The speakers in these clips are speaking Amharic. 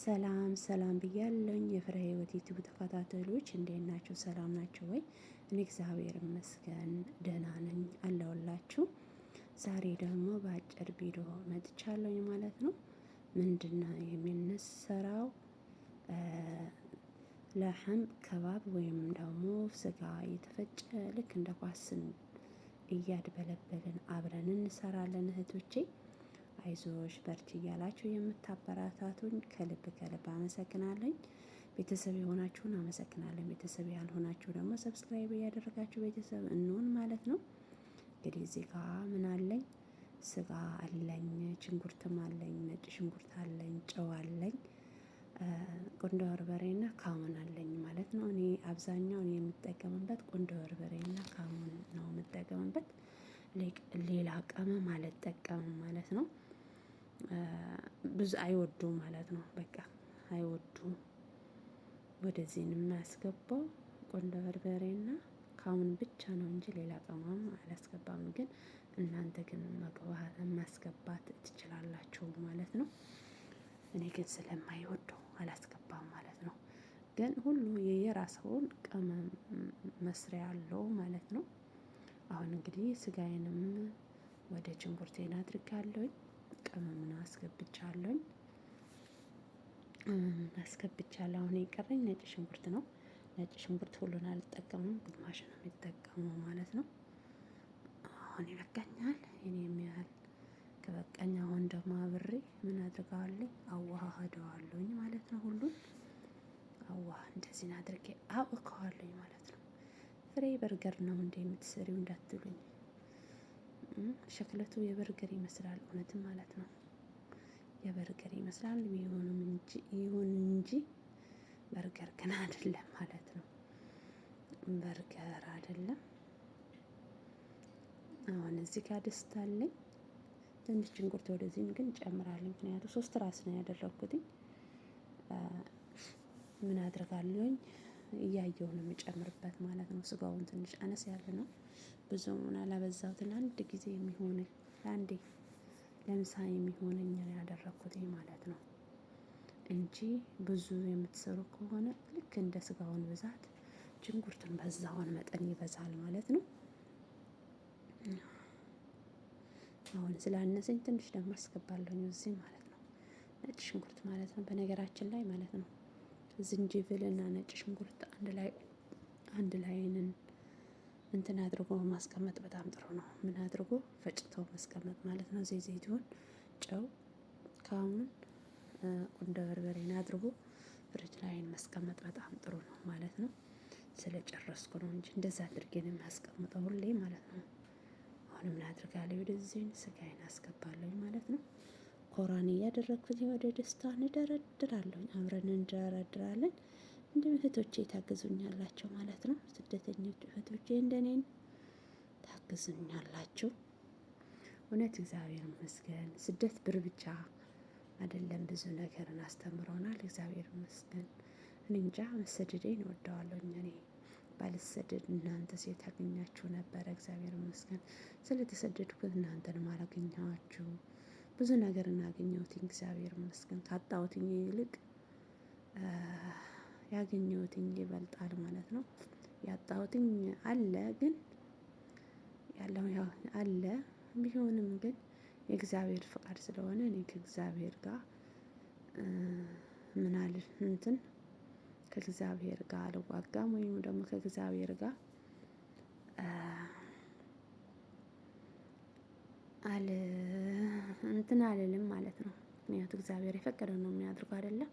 ሰላም ሰላም ብያለኝ። የፍሬ ህይወት ዩቲዩብ ተከታተሎች እንዴት ናቸው? ሰላም ናቸው ወይ? እኔ እግዚአብሔር ይመስገን ደህና ነኝ አለሁላችሁ። ዛሬ ደግሞ በአጭር ቪዲዮ መጥቻለሁኝ ማለት ነው። ምንድነው የምንሰራው? ለሐም ከባብ ወይም ደግሞ ስጋ የተፈጨ ልክ እንደ ኳስን እያድበለበልን አብረን እንሰራለን እህቶቼ አይዞሽ በርቺ እያላችሁ የምታበረታቱኝ ከልብ ከልብ አመሰግናለኝ። ቤተሰብ የሆናችሁን አመሰግናለኝ። ቤተሰብ ያልሆናችሁ ደግሞ ሰብስክራይብ እያደረጋችሁ ቤተሰብ እንሆን ማለት ነው። እንግዲህ እዚህ ጋ ምን አለኝ? ስጋ አለኝ፣ ሽንኩርትም አለኝ፣ ነጭ ሽንኩርት አለኝ፣ ጨው አለኝ፣ ቁንዶ በርበሬና ካሙን አለኝ ማለት ነው። እኔ አብዛኛውን የምጠቀምበት ቁንዶ በርበሬና ካሙን ነው የምጠቀምበት። ሌላ ቅመም አልጠቀምም ማለት ነው። ብዙ አይወዱም ማለት ነው። በቃ አይወዱም። ወደዚህ አያስገባው ቆንደ በርበሬና ካሙን ብቻ ነው እንጂ ሌላ ቅመም አላስገባም። ግን እናንተ ግን ማስገባት ትችላላችሁ ማለት ነው። እኔ ግን ስለማይወደው አላስገባም ማለት ነው። ግን ሁሉ የየራሳውን ቅመም መስሪያ አለው ማለት ነው። አሁን እንግዲህ ስጋዬንም ወደ ሽንኩርቴን አድርጋለሁኝ ቅመም አስገብቻለሁኝ አስገብቻለሁ። አሁን የቀረኝ ነጭ ሽንኩርት ነው። ነጭ ሽንኩርት ሁሉን አልጠቀሙም፣ ግማሽ ነው የሚጠቀመው ማለት ነው። አሁን ይበቃኛል። እኔ የሚያህል ከበቃኝ አሁን ደግሞ አብሬ ምን አድርገዋለሁ አዋህደዋለሁኝ ማለት ነው። ሁሉን አዋህ እንደዚህ አድርጌ አውቀዋለሁኝ ማለት ነው። ፍሬ በርገር ነው እንደ የምትሰሪው እንዳትሉኝ ሸክለቱ የበርገር ይመስላል። እውነትም ማለት ነው የበርገር ይመስላል። ይሁን እንጂ በርገር ግን አይደለም ማለት ነው። በርገር አይደለም። አሁን እዚህ ጋር ድስት አለኝ። ትንሽ ሽንኩርት ወደዚህም ግን ጨምራለሁ። ምክንያቱም ሶስት ራስ ነው ያደረኩትኝ። ምን አድርጋለሁኝ እያየው ነው የምጨምርበት ማለት ነው። ስጋውን ትንሽ አነስ ያለ ነው፣ ብዙውን አላበዛሁትን። ለአንድ ጊዜ የሚሆን ለአንዴ ለምሳ የሚሆነኝ ያደረግኩት ማለት ነው እንጂ ብዙ የምትሰሩ ከሆነ ልክ እንደ ስጋውን ብዛት ሽንኩርቱን በዛውን መጠን ይበዛል ማለት ነው። አሁን ስላነሰኝ ትንሽ ደግሞ አስገባለሁ እዚህ ማለት ነው። ነጭ ሽንኩርት ማለት ነው በነገራችን ላይ ማለት ነው። ዝንጅብል እና ነጭ ሽንኩርት አንድ ላይ አንድ ላይንን እንትን አድርጎ ማስቀመጥ በጣም ጥሩ ነው። ምን አድርጎ ፈጭቶ ማስቀመጥ ማለት ነው። ዘይት ዘይቱን፣ ጨው፣ ካሙን፣ ቁንደ በርበሬን አድርጎ ፍሪጅ ላይን ማስቀመጥ በጣም ጥሩ ነው ማለት ነው። ስለጨረስኩ ነው እንጂ እንደዛ አድርጌን የሚያስቀምጠው ሁሌ ማለት ነው። አሁን ምን አድርጋለሁ? ወደዚህ ስጋዬን አስገባለሁ ማለት ነው። ኮራን እያደረግኩት ወደ ደስታ እንደረድራለሁ። አብረን እንደረድራለን። እንዲሁም እህቶቼ ታግዙኛላቸው ማለት ነው። ስደተኞች እህቶቼ እንደኔን ታግዙኛላችሁ። እውነት እግዚአብሔር ይመስገን። ስደት ብር ብቻ አይደለም፣ ብዙ ነገርን አስተምሮናል። እግዚአብሔር ይመስገን። እንጃ መሰደዴን እወደዋለሁ። እኔ ባልሰደድ እናንተ ሴት አገኛችሁ ነበረ። እግዚአብሔር ይመስገን ስለተሰደድኩት እናንተን ማላገኛችሁ ብዙ ነገር እናገኘሁት እግዚአብሔር ይመስገን። ካጣሁትኝ ይልቅ ያገኘሁትኝ ይበልጣል ማለት ነው። ያጣሁት አለ ግን ያለው ያው አለ ቢሆንም ግን የእግዚአብሔር ፍቃድ ስለሆነ እኔ ከእግዚአብሔር ጋር ምን አለ እንትን ከእግዚአብሔር ጋር አልዋጋም ወይም ደግሞ ከእግዚአብሔር ጋር አለ እንትን አልልም ማለት ነው። ምክንያቱ እግዚአብሔር የፈቀደው ነው የሚያደርገው አይደለም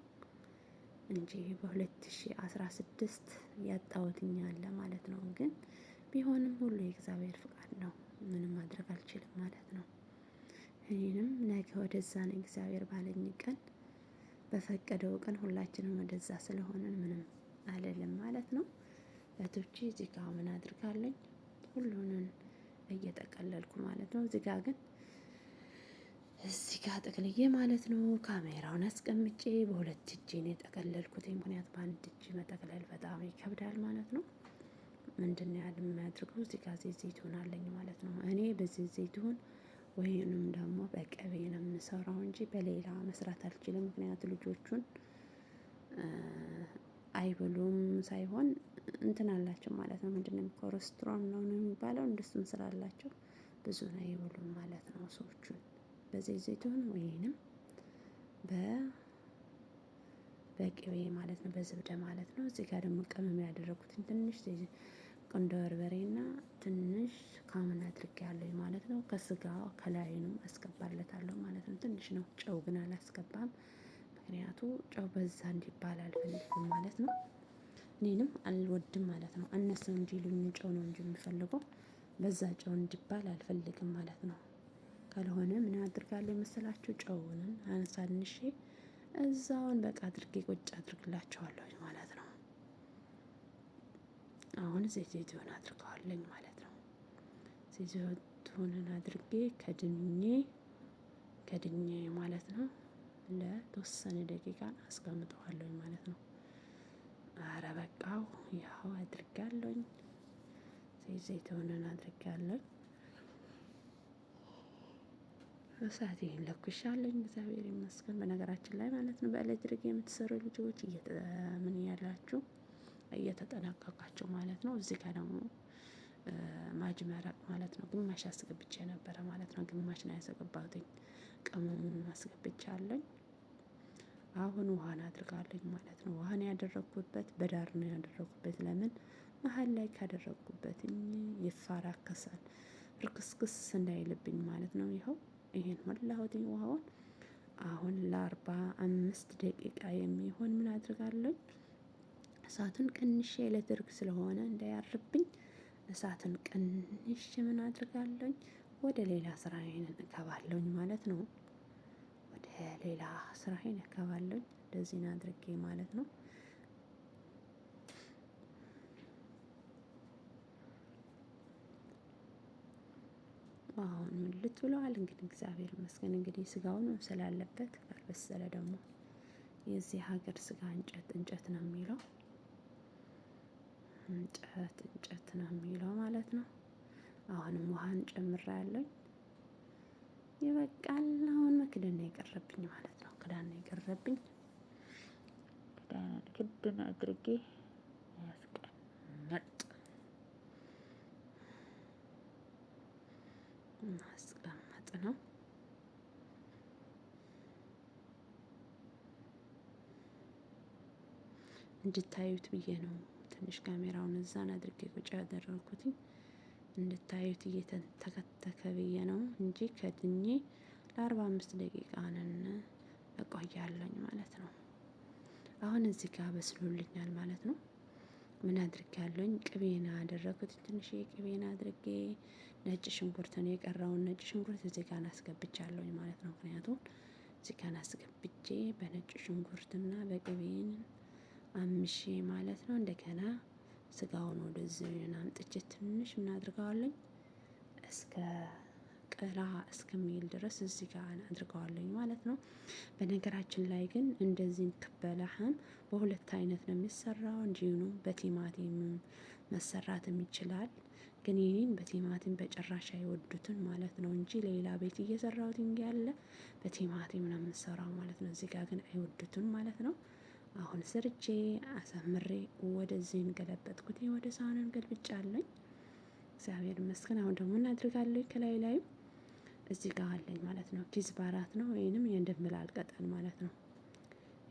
እንጂ በ2016 ያጣወትኛ አለ ማለት ነው። ግን ቢሆንም ሁሉ የእግዚአብሔር ፍቃድ ነው። ምንም ማድረግ አልችልም ማለት ነው። እኔንም ነገ ወደዛ ነው እግዚአብሔር ባለኝ ቀን በፈቀደው ቀን ሁላችንም ወደዛ ስለሆነን ምንም አለልም ማለት ነው። እህቶቼ እዚህ ጋር ምን አድርጋለኝ ሁሉንን እየጠቀለልኩ ማለት ነው። እዚህ ጋር ግን እዚህ ጋር ጠቅልዬ ማለት ነው ካሜራውን አስቀምጬ በሁለት እጄ ነው የጠቀለልኩት። ምክንያት በአንድ እጅ መጠቅለል በጣም ይከብዳል ማለት ነው። ምንድን ነው ያህል የሚያደርገው እዚጋ ዘይቱን አለኝ ማለት ነው። እኔ በዚህ ዘይቱን ወይንም ደግሞ በቅቤ ነው የምሰራው እንጂ በሌላ መስራት አልችልም። ምክንያቱ ልጆቹን አይበሉም ሳይሆን እንትን አላቸው ማለት ነው። ምንድን ነው ኮሌስትሮል ነው የሚባለው። እንደሱም ስላላቸው ብዙ ነው ይብሉም ማለት ነው። ሰዎቹን በዘይት ዘይቱን ወይንም በ በቅቤ ማለት ነው፣ በዝብደ ማለት ነው። እዚህ ጋር ደግሞ ቅመም ያደረጉትን ትንሽ ቁንዶ በርበሬና ትንሽ ካምን ያለኝ ማለት ነው። ከስጋ ከላይንም ነው አስገባለታለሁ ማለት ነው። ትንሽ ነው ጨው ግን አላስገባም፣ ምክንያቱ ጨው በዛ እንዲባል አልፈልግም ማለት ነው። እኔንም አልወድም ማለት ነው። እነሱ እንጂ ልኙ ጨው ነው እንጂ የሚፈልገው በዛ ጨው እንዲባል አልፈልግም ማለት ነው። ካልሆነ ምን አድርጋለሁ የመሰላችሁ ጨውን አንሳንሽ እዛውን በቃ አድርጌ ቁጭ አድርግላቸዋለሁ ማለት ነው። አሁን ሴትዮቱን አድርገዋለኝ ማለት ነው። ሴትዮቱን አድርጌ ከድኜ ከድኜ ማለት ነው ለተወሰነ ደቂቃ አስቀምጠዋለሁ ማለት ነው። አረ በቃው ያው አድርጋለሁኝ። ዘይት ዘይቱንን አድርጋለሁኝ። እሳት ይህን ለኩሻለኝ። እግዚአብሔር ይመስገን። በነገራችን ላይ ማለት ነው በኤሌክትሪክ የምትሰሩ ልጆች ምን ያላችሁ እየተጠናቀቃችሁ ማለት ነው። እዚህ ጋር ደግሞ ማጅ ማለት ነው። ግማሽ አስገብቼ ነበረ ማለት ነው። ግማሽ ነው ያስገባትኝ። ቅመሙን አስገብቻለኝ። አሁን ውሃን አድርጋለኝ ማለት ነው። ውሃን ያደረግኩበት በዳር ነው ያደረግኩበት። ለምን መሀል ላይ ካደረግኩበት ይፈራከሳል ርክስክስ እንዳይልብኝ ማለት ነው። ይኸው ይሄን መላሁትኝ ውሃውን። አሁን ለአርባ አምስት ደቂቃ የሚሆን ምን አድርጋለኝ እሳቱን ቀንሼ ኤሌክትሪክ ስለሆነ እንዳያርብኝ እሳትን ቀንሼ ምን አድርጋለኝ ወደ ሌላ ስራ ይሄንን እገባለሁኝ ማለት ነው። ሌላ ስራዬን አካባለኝ እንደዚህ አድርጌ ማለት ነው። አሁን ሙልጭ ብለዋል እንግዲህ እግዚአብሔር ይመስገን። እንግዲህ ስጋውን ስላለበት ካልበሰለ ደግሞ የዚህ ሀገር ስጋ እንጨት እንጨት ነው የሚለው እንጨት እንጨት ነው የሚለው ማለት ነው። አሁንም ውሃን ያለኝ። ይበቃል። አሁን መክደን ነው የቀረብኝ ማለት ነው። ክዳን ነው የቀረብኝ። ክዳን አድርጌ ያስቀመጥ ማስቀመጥ ነው። እንድታዩት ብዬ ነው ትንሽ ካሜራውን እዛን አድርጌ ቁጭ ያደረግኩትኝ። እንድታዩት እየተንተከተከ ብዬ ነው እንጂ ከድኚ ለአርባ አምስት ደቂቃንን እቆያለኝ ማለት ነው። አሁን እዚህ ጋር በስሎልኛል ማለት ነው። ምን አድርጌ ያለኝ ቅቤን አደረኩት ትንሽ ቅቤን አድርጌ ነጭ ሽንኩርት ነው የቀረውን ነጭ ሽንኩርት እዚህ ጋር አስገብቻለሁኝ ማለት ነው። ምክንያቱም እዚህ ጋር አስገብቼ በነጭ ሽንኩርትና በቅቤን አምሼ ማለት ነው እንደገና ስጋውን ወደዚህ አምጥቼ ትንሽ እስከ አድርገዋለኝ እስከ ቅላ እስከሚል ድረስ እዚህ ጋር አድርገዋለኝ ማለት ነው። በነገራችን ላይ ግን እንደዚህ ክበላህም በሁለት አይነት ነው የሚሰራው። እንዲሁኑ በቲማቲም መሰራትም ይችላል። ግን ይህን በቲማቲም በጭራሽ አይወዱትም ማለት ነው እንጂ ሌላ ቤት እየሰራሁት ያለ በቲማቲም ነው የምንሰራው ማለት ነው። እዚህ ጋር ግን አይወዱትም ማለት ነው። አሁን ስርቼ አሳምሬ ወደዚህ እንገለበጥኩት ወደ ሳህን እንገልብጫለኝ። እግዚአብሔር ይመስገን። አሁን ደግሞ እናድርጋለሁ ከላይ ላይ እዚህ ጋር አለኝ ማለት ነው። ኪዝ ባራት ነው ወይንም የድንብላል ቅጠል ማለት ነው።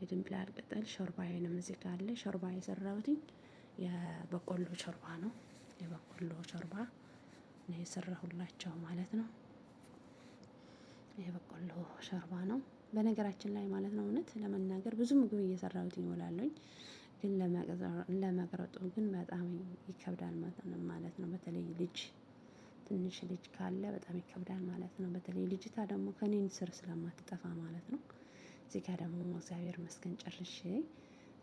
የድንብላል ቅጠል ሾርባ ወይንም እዚህ ጋር አለ። ሾርባ የሰራሁትኝ የበቆሎ ሾርባ ነው። የበቆሎ ሾርባ ነው የሰራሁላቸው ማለት ነው። የበቆሎ ሾርባ ነው። በነገራችን ላይ ማለት ነው እውነት ለመናገር ብዙ ምግብ እየሰራሁት ይውላለኝ ግን ለመቅረጡ ግን በጣም ይከብዳል ማለት ነው። በተለይ ልጅ ትንሽ ልጅ ካለ በጣም ይከብዳል ማለት ነው። በተለይ ልጅታ ደግሞ ከኔን ስር ስለማትጠፋ ማለት ነው። እዚህ ጋር ደግሞ እግዚአብሔር ይመስገን ጨርሼ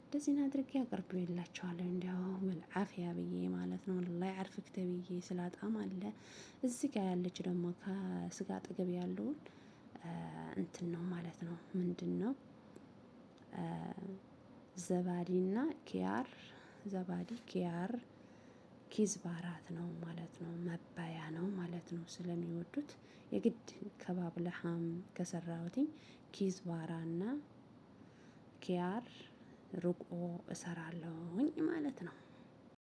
እንደዚህ አድርጌ አቅርቤላችኋለሁ እንዲያው አፍያ ብዬ ማለት ነው ላይ አርፍክተ ብዬ ስላጣም አለ እዚህ ጋር ያለች ደግሞ ከስጋ አጠገብ ያለውን እንትን ነው ማለት ነው። ምንድን ነው ዘባዲ ዘባዲና ኪያር ዘባዲ ኪያር ኪዝባራት ነው ማለት ነው። መባያ ነው ማለት ነው። ስለሚወዱት የግድ ከባብ ለሐም ከሰራሁትኝ ኪዝባራና ኪያር ርቆ እሰራለሁኝ ማለት ነው።